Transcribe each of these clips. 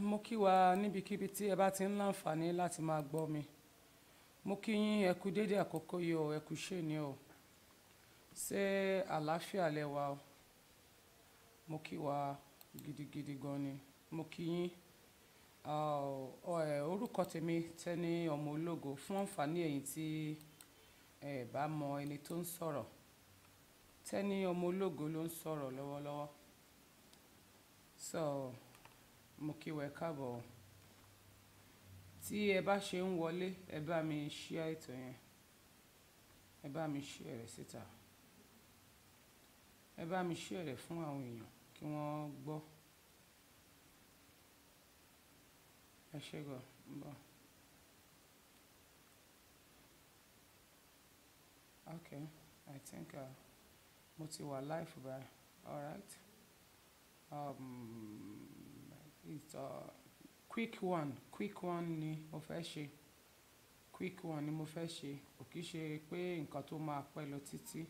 mo kí wa níbikíbi tí ẹ bá ti ń láǹfààní láti máa gbọ́ mi mo kí yín ẹ kú àkókò yìí o ẹ ṣe ni o ṣé àlàáfíà lẹ o mo kí wa gidigidi gan ni mo kí yín orúkọ tèmi Tẹ́ni ọmọ ológo fún àǹfààní ẹ̀yin tí ẹ bá mọ ẹni tó ń sọ̀rọ̀ Tẹ́ni ọmọ ológo ló ń sọ̀rọ̀ lọ́wọ́lọ́wọ́ so mo kí tí ẹ bá ṣe ń wọlé ẹ bá mi share ètò yẹn ẹ bá mi share rẹ̀ síta ẹ bá mi share rẹ̀ fún àwọn èèyàn kí wọ́n gbọ́ ẹ ṣé gan bọ́. okay i think uh, mo ti wà live báyìí all right. Um, it's a uh, quick one quick one ni mo fẹ́ ṣe quick one ni mo fẹ́ ṣe kò kì í ṣe pé nǹkan tó máa pẹ́ lọ títí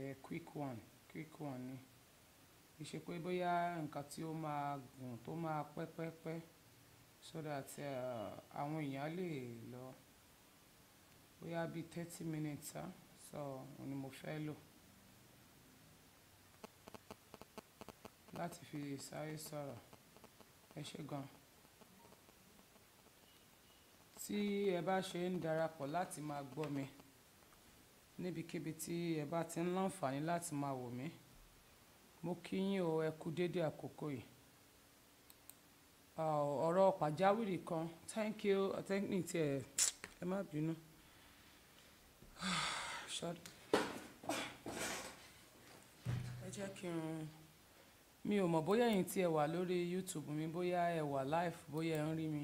ẹ quick one quick one ni kì í ṣe pé bóyá nǹkan tí ó máa gùn tó máa pẹ́ pẹ́ pẹ́ so that uh, àwọn èèyàn lè lọ bóyá bíi thirty minutes ah huh? so òun ni mo fẹ́ lò. láti fi sáré sọ̀rọ̀ ẹ ṣe gan tí ẹ bá ṣe ń darapọ̀ láti máa gbọ́ mi níbikíbi tí ẹ bá ti ń láǹfààní láti máa wò mí mo kí yín o ẹ kú déédéé àkókò yìí ah, ọ̀rọ̀ pàjáwìrì kan thank you thank me tí ẹ ẹ má bínú ẹ jẹ́ kí n mi ò mọ̀ bóyá ẹ̀yin tí ẹ wà lórí YouTube mi bóyá ẹ wà life bóyá ẹ ń rí mi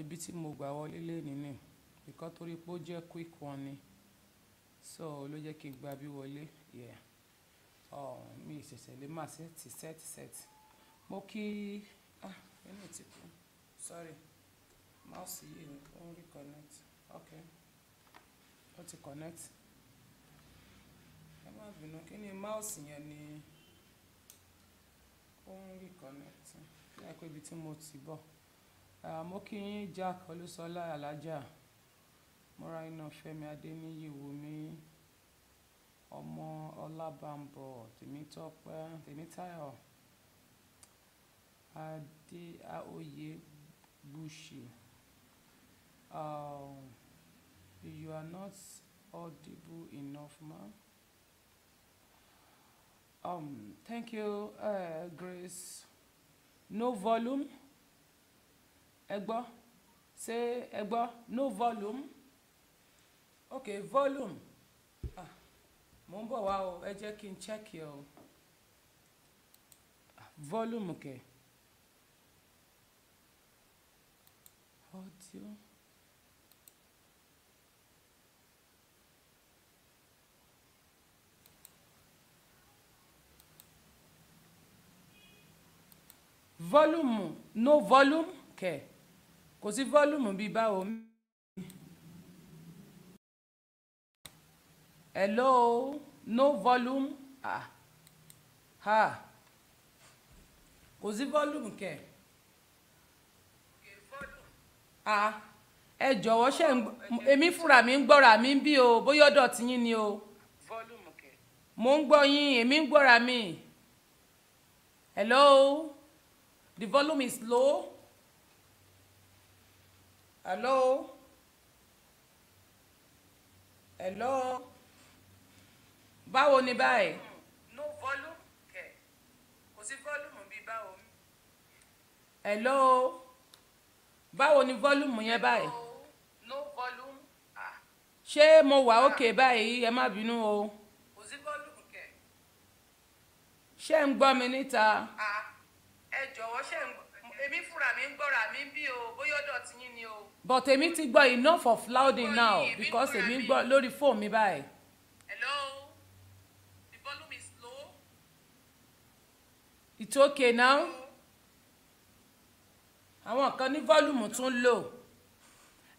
ibi tí mo gbà wọlé lénìí nì ìkọ́ torí pé ó jẹ́ quick one ni so ló jẹ́ kí n gba bí wọlé yeah oh, mi ìṣẹ̀ṣẹ̀ lè máa ṣe ti set set mo kí ah ẹni tí kú sorry mouse yìí ó ń reconnect okay ó ti connect ẹ má bínú kí ni mouse yẹn ni ó ń reconnect ní ẹ̀kọ́ ibi tí mo ti bọ̀ mo kí yín Jack Olúṣọlá alájà mọ́ra iná Fẹ́mi Adéníyì Wùmí ọmọ Ọlábàmbọ Tèmítọ́pẹ́ Tèmítáyọ̀ adé aoye bushi um you are not audible enough man. Um, thank you, uh, Grace. No volume. Ẹ say Ṣé No volume. Okay, volume. Ah, mo ń bọ̀ can check yẹ ah, Volume Okay. Audio. volume no volume kẹ̀ kò sí volume e lo hello no volume ah ha ah. kosi volume ke ah e jọ̀wọ́ ṣe emi fura mi ń mi bi o bóyá ọ̀dọ̀ tiyín ni o mo ń gbọ́ yín èmi mi e mi hello. The volume is low. Hello? Hello? Báwo ni báyìí? Hmm, no volume okay. Kò sí volume bíi báwo. Hello? Báwo ni volume yẹn báyìí? No volume. Ah. Ṣé mo wà okay ah. báyìí? Ẹ má bínú o. Kò sí volume kẹ̀. Ṣé ń gbọ́ mi níta? Ah jọ̀wọ́ ṣe èmi fúnra mi ń gbọ́ra mi bí o bóyá ọ̀dọ̀ ti yín ni o. but èmi ti gbọ́ enough of louding now because èmi gbọ́ lórí fóònù mi báyìí. hello the volume is low. it's okay now. àwọn kan ní volume tún lò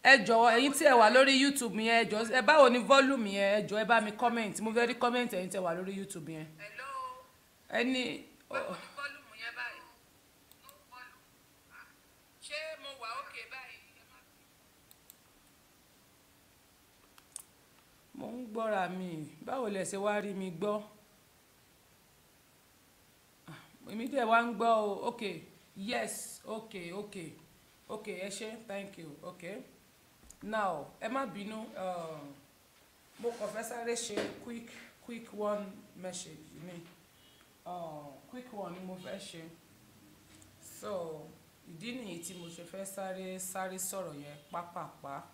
ẹ jọ̀wọ́ ẹ̀yin tí ẹ wà lórí youtube yẹn ẹ jọ̀ọ́ ẹ báwo ni volume yẹn ẹ jọ̀ọ́ ẹ bá mi comment mo fẹ́ rí comment ẹ̀yin tí ẹ wà lórí youtube yẹn. hello. ẹni. báwo ni volume. Oh. mo ń gbọ́ra mi báwo lẹ ṣe wá rí mi gbọ́ ah, èmi dẹ̀ wá ń gbọ́ o ok yes ok ok ok ẹ ṣé thank you ok now ẹ má bínú um, mo kàn fẹ́ sáré ṣe quick quick one message ni uh, quick one ni mo fẹ́ ṣe so ìdí nìyí tí mo ṣe fẹ́ sáré sáré sọ̀rọ̀ yẹn pápápá. Pa, pa, pa.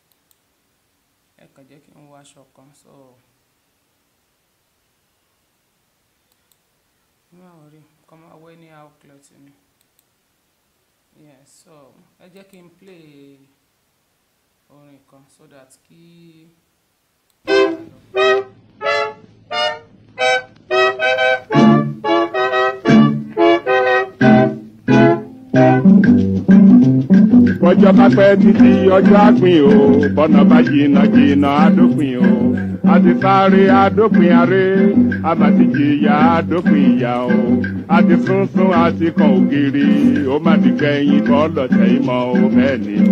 ẹ kàn jẹ́ kí n wọ aṣọ kan so má worry kọ́ máa wọ ní how ni yes so ẹ jẹ́ kí n play orin kan so that kí. Hello. bọ́jọ́ bá pẹ́ títí ọjọ́ àpín o bọ́nà bá jìnnà jìnnà àdópin o àti sáré àdópin aré àbàtìjìyà àdópin ìyá o àti àti kan ògiri ó má ti kẹyìn kọ́ lọ́tẹ̀ ìmọ̀ o bẹ́ẹ̀ ni o.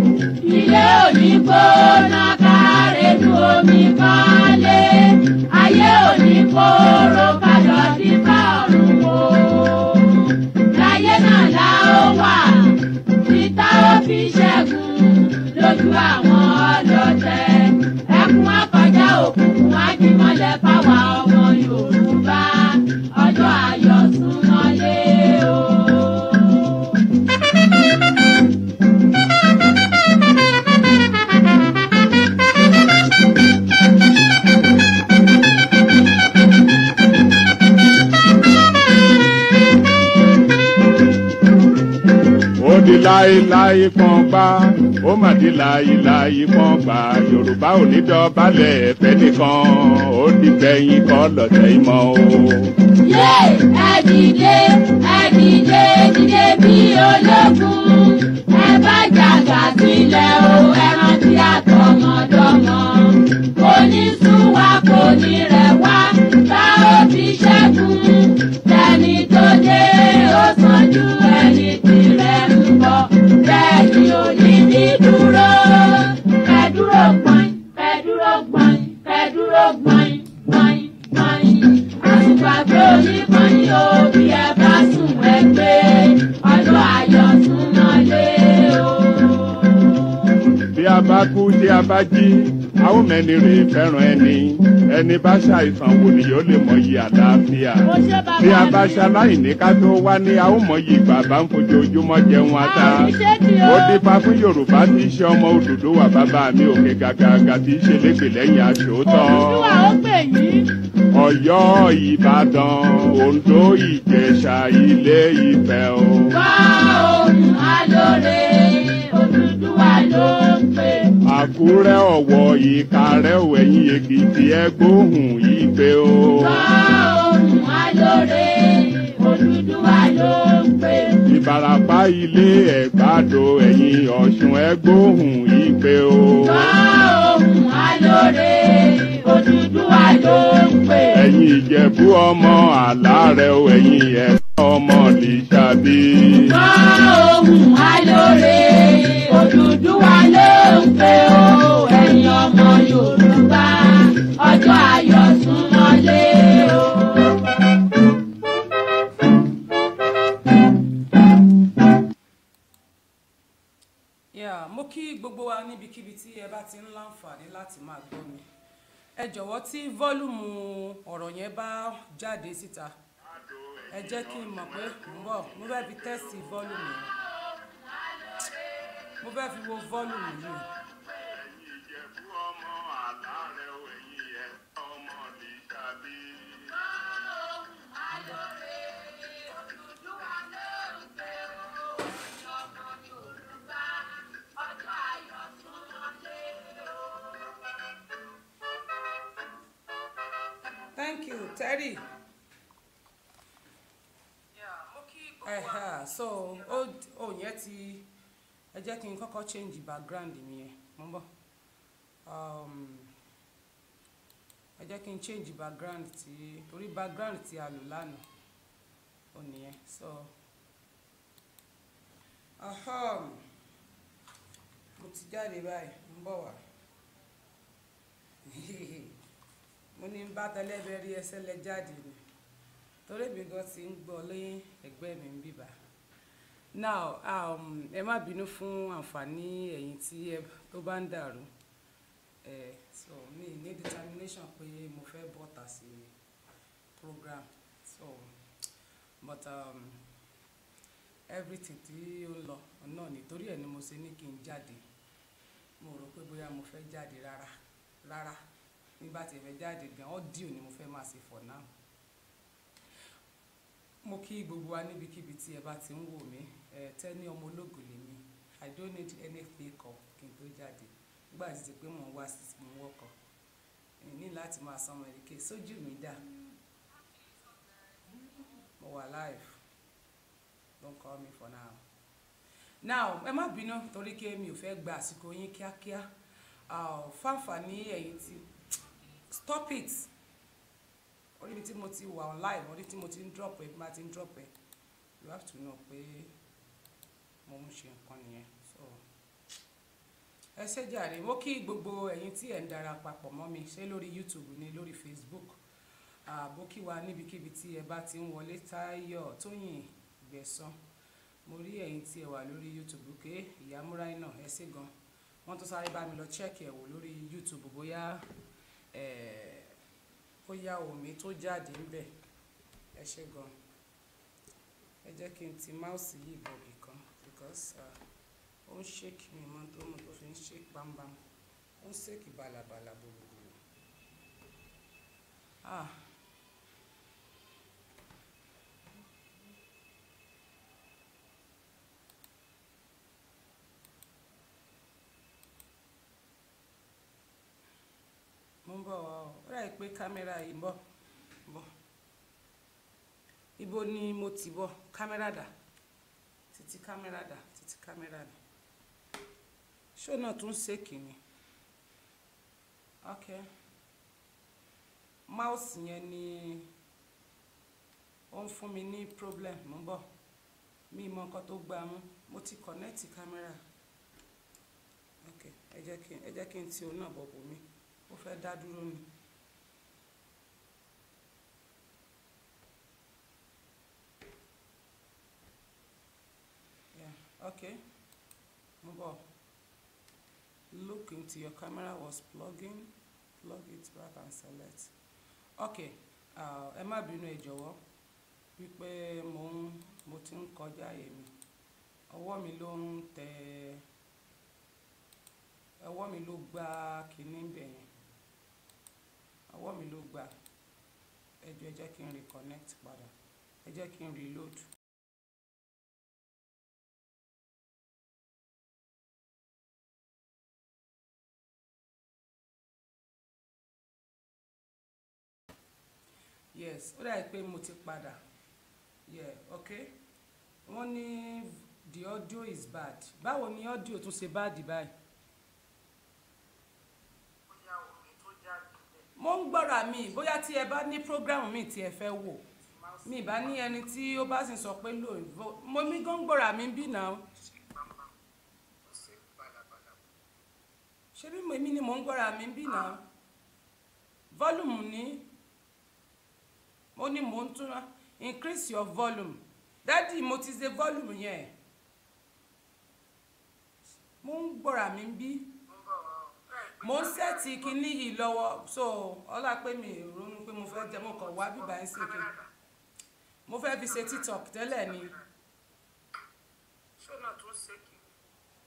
ilé òní gbóná kárẹ́ ju omi balẹ̀ ayé òní kóró kájọ sí bá ọ̀run o láyé ju àwọn ọ̀dọ́ jẹ ẹkún akọjá òkùnkùn ajímọ́lẹ̀ fáwa ọmọ Yorùbá. di láéláé pọ́n gbá ó mà di láéláé pọ́n gbá yorùbá ò ní dọ̀bálẹ̀ ẹ̀fẹ́ nìkan ó di gbẹ̀yìn kọ́ lọ́tẹ̀ ìmọ̀ o. yé ẹdìdé ẹdìdé dídé bí ológun ẹ bá jàgbá sílẹ̀ o ẹran tí a tọmọdọmọ kò ní sún kò ní rẹ̀ bá òbí ṣẹ́gun tẹni tó dé. bá kú tí a bá jí a ó mẹ́ni rè fẹ́ràn ẹni ẹni bá ṣàìsàn wò ni yóò lè mọyì àlàáfíà bí a bá ṣaláìní ká tó wá ní a ó mọyì bàbá ń fojoojúmọ́ jẹun ata ó dípa fún Yorùbá tí í ṣe ọmọ Odùduwà bàbá mi òkè gàgàgà tí í ṣe lépè lẹ́yìn aṣòótọ́ Ọ̀yọ́ Ìbàdàn Oǹdó Ìjẹ̀ṣà Ilé Ifẹ̀ o. wá o àlòrè. Àkúrẹ́ Ọ̀wọ̀ ìkàrẹ́ ò ẹ̀yìn Èkìtì ẹ gbóhùn ìpè o. Gbóhùn alóore Odùduwà ló ń pè. Ìbàràpá ilé Ẹ̀gbádò ẹ̀yìn Ọ̀ṣun ẹ gbóhùn ìpè o. Gbóhùn alóore Odùduwà ló ń pè. Ẹ̀yin Ìjẹ̀bú ọmọ àlárẹ̀ o ẹ̀yin ẹ̀ ọmọ lè ṣàbí. Gbóhùn alóore Odùduwà ló ń pè o. gbogbo wa níbikíbi tí ẹ bá ti ń láǹfààní láti máa gbọ́ mi ẹ jọ̀wọ́ tí fọ́lùmù ọ̀rọ̀ yẹn bá jáde síta ẹ jẹ́ kí n mọ̀ pé ń mo fẹ́ fi tẹ́sì fọ́lùmù mo fẹ́ fi wo fọ́lùmù yìí. Terry. Uh-huh. so oh oh, yẹn I just jẹ́ change the background mi yẹn mo ń bọ̀ um, ẹ jẹ́ kí n background tí torí background tí alulano. lò lánàá so mo ti jáde báyìí mo ń bọ̀ wá. mo ní bá tẹlẹ́bẹ̀ rí ẹsẹ̀ lẹ jáde ni torí mi gan ti ń gbọ́ lẹ́yìn ẹgbẹ́ mi ń bìbà now um, ẹ má bínú fún àǹfààní ẹ̀yin tí ẹ tó bá ń dàrú ẹ so mi ní determination pé mo fẹ́ bọ́ta sí program so but um, everything tí ó lọ náà nítorí ẹ̀ ni mo ṣe ní kí n jáde mo rò pé bóyá mo fẹ́ jáde rárá rárá mi bá ti fẹ́ jáde gan ọ́díò ni mo fẹ́ máa ṣe for now mo kí gbogbo wa níbikíbi tí ẹ bá ti ń wò mí ẹ tẹ́ni ọmọ ológo lèmi i don't need any fake up kí n tó jáde nígbà tí ti pé mò ń wá sí mò ń wọkọ̀ ní láti máa sanwó ẹ̀ríkè sójú mi dà mo wà live don't call me for now now ẹ má bínú torí pé mi ò fẹ́ gba àsìkò yín kíákíá ah, fáfà ní ẹ̀yìn tí stop it Only ibi tí mo ti wà online Only tí mo ti ń drop it. bí ti ń drop it. you have to know pé mo ń ṣe nǹkan nìyẹn so ẹ ṣé jàre mo kí gbogbo ẹ̀yin tí ẹ̀ ń dara papọ̀ mọ́ mi ṣé lórí youtube ni lórí facebook ààbò kí wa níbikíbi tí ẹ bá ti ń wọlé táyọ̀ tóyìn gbẹ̀san mo rí ẹ̀yin tí ẹ wà lórí youtube ké ìyá múráì náà ẹ ṣé gan wọ́n tún sáré bá mi lọ check ẹ̀ wò lórí youtube bóyá Eh, bóyá omi tó jáde ń bẹ̀ ẹ ṣe gan ẹ jẹ́ kí n ti mouse yìí bọ̀ bìkan because ó ń ṣèkì mi mọ́ tó mú tó fi ń ṣe pàmbàm ó ń ṣèkì bàlàbàlà gbogbo. ah bọ̀ wá o ó pé kámẹ́rà yìí bọ̀ bọ̀ ibo ni mo ti bọ̀ kámẹ́rà dà títí kámẹ́rà dà títí kámẹ́rà dà ṣó náà tún ṣe kìíní ok mouse yẹn ni ó ń fún mi ní problem mo ń bọ̀ mi mọ nǹkan tó gbá mú mo ti connect kámẹ́rà ok ẹ jẹ́ kí n ti òun náà bọ̀ bò mí ó fẹ́ dá dúró ni. okay, move on. Look into your camera was plugging, plug it back and select. Okay, uh, ẹ má bínú ẹ jọ̀wọ́ wípé mo ń mo ti ń kọjá èmi ọwọ́ mi ló ń tẹ ọwọ́ mi ló gbá kinní bẹ̀yẹn ọwọ́ mi ló gbà ẹ jọ̀ọ́ ẹ kí n reconnect padà ẹ jẹ́ kí n reload. yes ó dàbí pé mo ti padà yeah okay wọ́n ní the audio is bad báwo ni audio tún ṣe bad báyìí. mo ń gbọ́ra mi bóyá tí ẹ bá ní program mi tí ẹ fẹ́ wò mi bá ní ẹni tí ó bá sì sọ pé lò mo mi gan gbọ́ra mi bí náà ṣé bí èmi ni mo ń gbọ́ra mi bí náà volume ni mo ní mo ń tún increase your volume dádì mo ti ṣe volume yẹn mo ń gbọ́ra mi bí. mo ń sẹ́ẹ̀tì kinní yìí lọ́wọ́ so ọla pe mi ronu pe mo fe jẹ mo kàn wá bíbá ń ṣèké mo fe fi se tiktok tẹ́lẹ̀ ni. ṣé náà tún ṣe kí.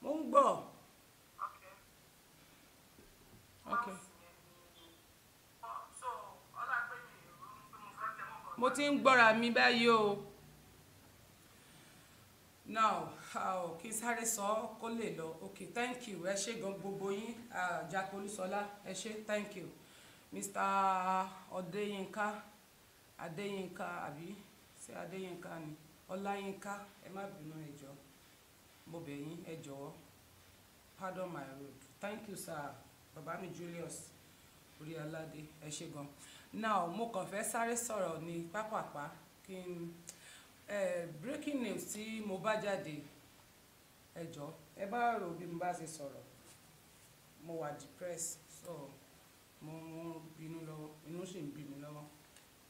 mo mi ronu pe mo ti ń gbora mi be o now. o kí sáré sọ ọ́ kó lè lọ ok thank you ẹ ṣé gan gbogbo yín Jack Olúṣọlá ẹ ṣé thank you Mr Ọdẹyinka Adéyinka àbí ṣé Adéyinka ni Ọláyinka ẹ má bínú ẹ jọ̀ọ́ mo bẹ yín ẹ jọ̀ọ́ pardon my road thank you sir bàbá mi Julius Oríaládé ẹ ṣé gan now mo kàn fẹ́ sáré sọ̀rọ̀ ní pápápá kí n eh, breaking news tí mo bá jáde ẹ jọ ẹ bá rò bí mo bá ṣe sọ̀rọ̀ mo wà depressed so mo mo bínú lọ́wọ́ inú sì ń bí mi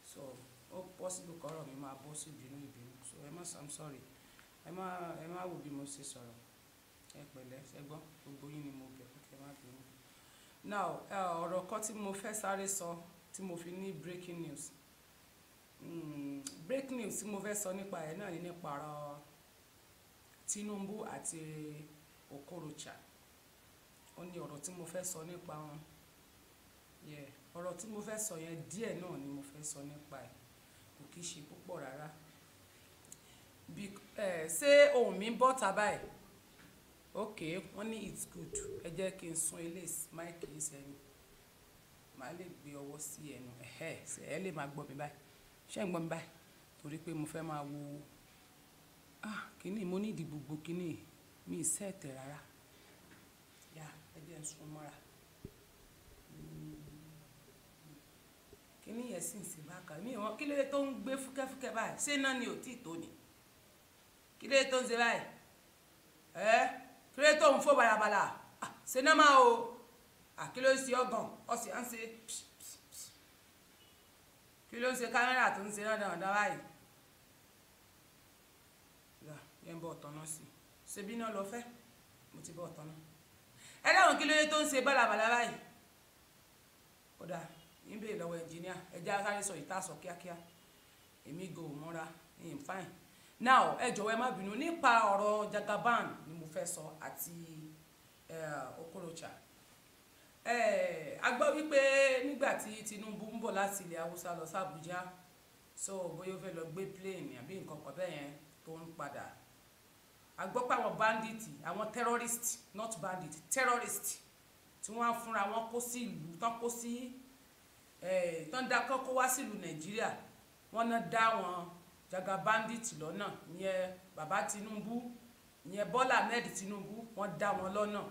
so ó possible kọ́rọ̀ mi máa bọ́ sí ìbínú ìbínú so ẹ má i'm sorry ẹ má ẹ má wò bí mo ṣe sọ̀rọ̀ ẹ pẹ̀lẹ́ ẹ gbọ́ gbogbo yín ni mo bẹ̀ kẹ́ má bínú. now ọ̀rọ̀ kan tí mo fẹ́ sáré sọ tí mo fi ní breaking news hmm, breaking news tí mo fẹ́ sọ nípa ẹ̀ náà ni nípa ọ̀rọ̀ Tinubu àti Okorocha ó ní ọ̀rọ̀ tí mo fẹ́ sọ nípa wọn ọ̀rọ̀ tí mo fẹ́ sọ yẹn díẹ̀ náà ni mo fẹ́ sọ nípa ẹ̀ kò kìí ṣe púpọ̀ rárá ṣé ohun mi bọ́ ta báyìí ok wọ́n ní it's good ẹ jẹ́ kí n sún ilé máìkì yìí sẹ́yìn màá lè gbé ọwọ́ sí ẹnu ẹ̀hẹ́ ẹ lè máa gbọ́ mi báyìí ṣé ń gbọ́ mi báyìí torí pé mo fẹ́ máa wo Ah, kíni mo ní ìdí gbogbo kíni mi ì sẹ́ẹ̀tẹ̀ rárá. Ya ẹgbẹ́ ń sun mọ́ra. Kíni yẹn sì ń sìn bá kà mí ìwọ̀n kí lóye tó ń gbé fúkẹ́fúkẹ́ báyìí ṣé iná ni ò tí ì tó ni? Kí lóye tó ń ṣe báyìí? Ẹ́ kí lóye tó ń fò balabala? Ṣé náà máa o? Ah, kí ló ń ṣe ọgàn? Ọ̀sìn à ń ṣe kí ló ń ṣe kámẹ́rà tó ń ṣe náà dáadáa yẹn ń bọ̀ ọ̀tọ̀ náà sí ṣebí náà lọ fẹ́ mo ti bọ̀ ọ̀tọ̀ náà ẹ dáhùn kí lóye tó ń ṣe bálabàlá báyìí ó dáa ń béèrè lọ́wọ́ ẹnjìníà ẹjẹ́ akárí sọ ìta sọ kíákíá èmi go mọ́ra in fine now ẹ jọ̀wọ́ ẹ má bínú nípa ọ̀rọ̀ Jagaban ni mo fẹ́ sọ àti Okorocha a gbọ́ wípé nígbà tí Tinubu ń bọ̀ láti ilẹ̀ Haúsá lọ sí Àbújá so bóyá ó fẹ́ lọ gbé plane àbí nǹkan kan bẹ́ẹ̀ yẹn tó ń padà a gbọ́ pé àwọn bandits àwọn terrorists not bandits terrorists tí wọ́n á fúnra wọn kó sí ìlú tán kó sí tán dá kán kó wá sílùú nàìjíríà wọ́n náà dá wọn jaga bandits lọ́nà ìyẹn bàbá tinubu ìyẹn bọ́lá ahmed tinubu wọ́n dá wọn lọ́nà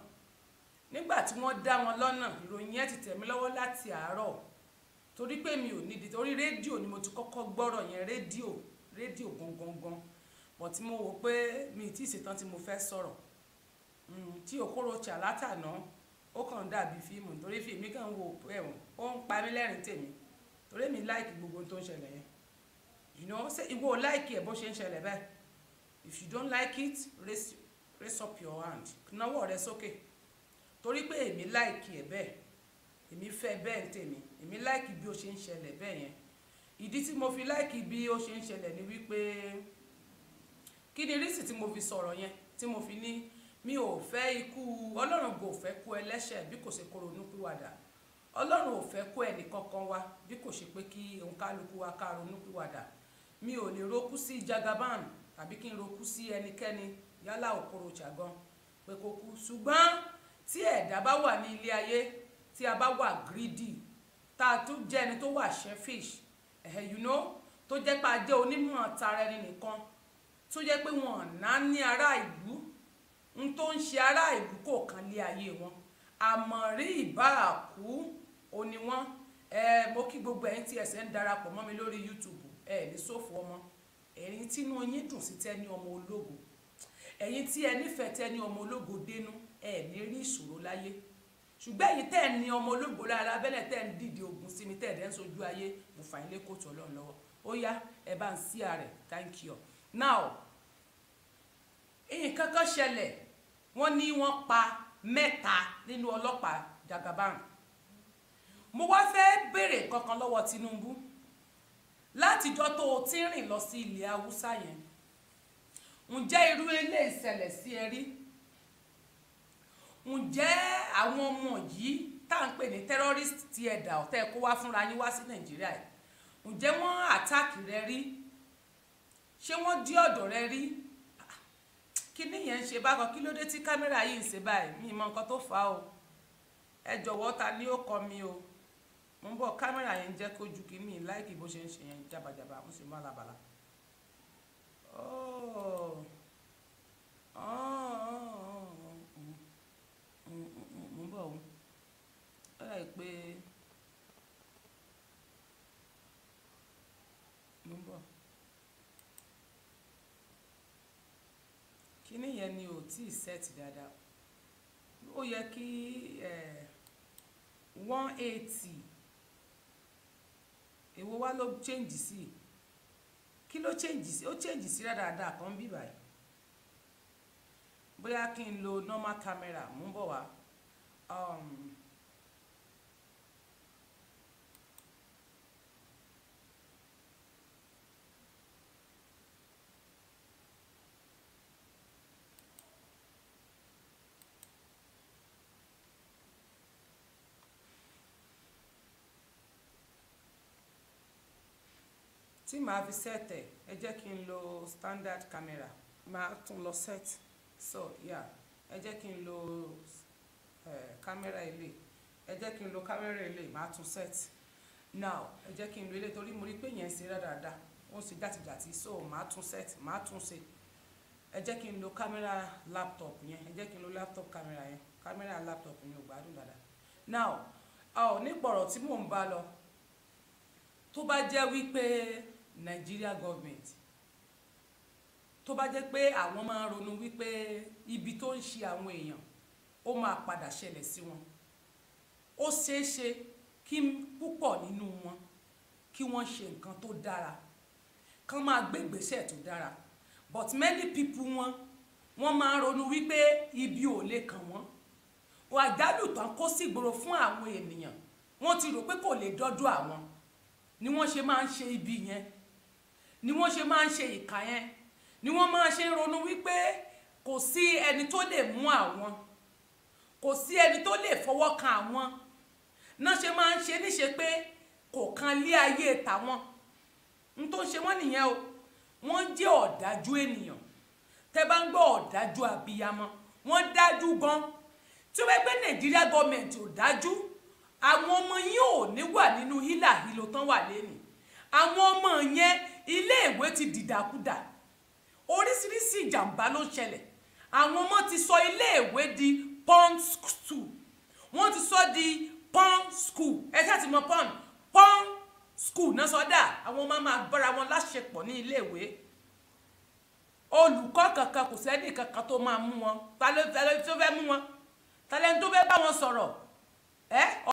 nígbà tí wọ́n dá wọn lọ́nà ìròyìn yẹn ti tẹ̀ mí lọ́wọ́ láti àárọ̀ torí pé mi ò nídìí torí rédíò ni mo ti kọ́kọ́ gbọ́rọ̀ yẹn rédíò rédíò gangan bọ̀ tí mo wò pé mi tí ìṣetán tí mo fẹ́ sọ̀rọ̀ mm, tí Okorocha látàná ó kàn dàbí fíìmù torí fíìmù kàn wò ẹ̀wọ̀n ó ń pa mí lẹ́rìn tèmi torí mi láìkì gbogbo tó ń ṣẹlẹ̀ yẹn you know ṣé ìwọ ò láìkì ẹ̀ bó ṣe ń ṣẹlẹ̀ bẹ́ẹ̀ if you don't like it raise, raise up your hand náwó rẹ sókè torí pé èmi láìkì ẹ̀ bẹ́ẹ̀ èmi fẹ́ bẹ́ẹ̀ tèmi èmi láìkì bí ó ṣe ń ṣẹlẹ̀ bẹ́ẹ̀ yẹn ìdí tí mo fi láìkì bí ó ṣe ń ṣẹlẹ̀ ni wípé kí ni rísì tí mo fi sọ̀rọ̀ yẹn tí mo fi ní mi ò fẹ́ ikú ọlọ́run kò fẹ́ kú ẹlẹ́ṣẹ̀ bí kò ṣe koronú pìwàdà ọlọ́run ò fẹ́ kú ẹnì kankan wa bí kò ṣe pé kí òǹkálukú wa ká ronú mi ò lè rokú sí jagaban tàbí kí n rokú sí ẹnikẹ́ni yálà Okorocha gan pé kó kú ṣùgbọ́n tí ẹ̀dá bá wà ní ilé ayé tí a bá wà gírídì tá a tún jẹ́ ẹni tó wà shellfish ẹ̀hẹ́ you know tó jẹ́ pé a jẹ́ onímọ̀ tara ẹni nìkan tó yẹ pé wọn ọ̀nà ní ará ìlú n tó ń ṣe ará ìlú kò kan lé ayé wọn àmọ̀rí ìbáàkú òní wọn mo kí gbogbo ẹ̀yin tí ẹ̀sẹ̀ ń darapọ̀ mọ́ mi lórí YouTube ẹ̀ ní ṣòfò ọmọ ẹ̀yin tínú yín dùn sí tẹ́ni ọmọ ológo ẹ̀yin tí ẹ nífẹ̀ẹ́ tẹ́ni ọmọ ológo dénú ẹ̀ ní rí ìṣòro láyé ṣùgbọ́n ẹ̀yin tẹ́ ẹ̀ ní ọmọ ológo lára abẹ́lẹ̀ tẹ́ ń dìde ogun sí mi tẹ́ ẹ̀ ń sojú ayé mo fà yín lé kóòtù ọlọ́run lọ́wọ́ ó yá ẹ bá ń sí ààrẹ thank you now nǹkan kan ṣẹlẹ̀ wọ́n ní wọ́n pa mẹ́ta nínú ọlọ́pàá Jagaban mo wá fẹ́ béèrè kankan lọ́wọ́ Tinubu látijọ́ tó o ti rìn lọ sí ilẹ̀ haúsá yẹn ǹjẹ́ irú ilé ìṣẹ̀lẹ̀ sí ẹ rí ǹjẹ́ àwọn ọmọ yìí tá à ń pè ní terrorist ti ẹ̀dà ọ̀tẹ́ kó wá fúnra yín wá sí Nàìjíríà ǹjẹ́ wọ́n àtàkì rẹ rí ṣé wọ́n dí ọ̀dọ̀ rẹ rí kíní yẹn ń ṣe bákan kí ló dé tí kámẹ́rà yìí ń ṣe báyìí mi mọ nǹkan tó fà á o ẹ jọ̀wọ́ ta ni ó kọ mi o mo ń bọ̀ kámẹ́rà yẹn ń jẹ́ kó ju kíní láìkì bó ṣe ń ṣe yẹn jábàjábà mo sì mọ́ alábàlà. mo ń bọ̀ o ó dà yìí pé. tí set dáadáa ó yẹ kí one eighty èwo wá ló change sí kí ló change sí ó change sí dáadáa kan bí báyìí bóyá kí n lo normal camera mú bọ̀ wá. Um, tí màá fi set ẹ̀ ẹ jẹ́ kí n lo standard camera màá tún lọ set so yeah ẹ jẹ́ kí n lo camera ilé ẹ jẹ́ kí n lo camera ilé màá tún set now ẹ jẹ́ kí n lo ilé torí mo rí pé yẹn ń ṣe dáadáa ó ń ṣe jàtìjàtì so màá tún set màá tún ṣe ẹ jẹ́ kí n lo camera laptop yẹn ẹ jẹ́ kí n lo laptop camera yẹn camera laptop yẹn ò gbádùn dáadáa now nípa ọ̀rọ̀ tí mò ń bá lọ tó bá jẹ́ wípé Nigeria government tó bá jẹ́ pé àwọn máa ronú wípé ibi tó ń ṣe àwọn èèyàn ó máa padà ṣẹlẹ̀ sí wọn ó ṣeéṣe kí púpọ̀ nínú wọn kí wọ́n ṣe nǹkan tó dára kán máa gbé tó dára but many people wọn wọ́n máa ronú wípé ibi ò lè kàn wọ́n àjálù tán kó sígboro fún àwọn ènìyàn wọ́n ti rò pé kò lè dọ́dọ̀ àwọn ni wọ́n ṣe máa ń ṣe ibi yẹn ni wọ́n ṣe máa ń ṣe ìkà yẹn ni wọ́n máa ṣe ronú wípé kò sí ẹni tó lè mú àwọn kò sí ẹni tó lè fọwọ́ kan àwọn náà ṣe máa ń ṣe níṣe pé kò kan lé ayé tàwọn n tó ń ṣe wọ́n nìyẹn o wọ́n jẹ́ ọ̀dájú ènìyàn tẹ́ bá ń gbọ́ ọ̀dájú àbíyamọ wọ́n dájú gan tí ó bá gbé nàìjíríà gọọmenti ò dájú àwọn ọmọ yín ò ní wà nínú hílàhílo tán wà lẹ́nu àwọn ọmọ yẹn iléèwé ti dìdàkudà oríṣiríṣi ìjàmbá ló ṣẹlẹ̀ àwọn ọmọ ti sọ iléèwé di pond school wọ́n ti sọ di pond school ẹ ṣáà ti mọ pond pond school náà sọdá àwọn ọmọ máa bára wọn láṣepọ̀ ní iléèwé olùkọ́ kankan kò sẹ́ni kankan tó máa mú wọn ta ló fẹ́ mú wọn ta lẹ́ni tó fẹ́ bá wọn sọ̀rọ̀ ẹ́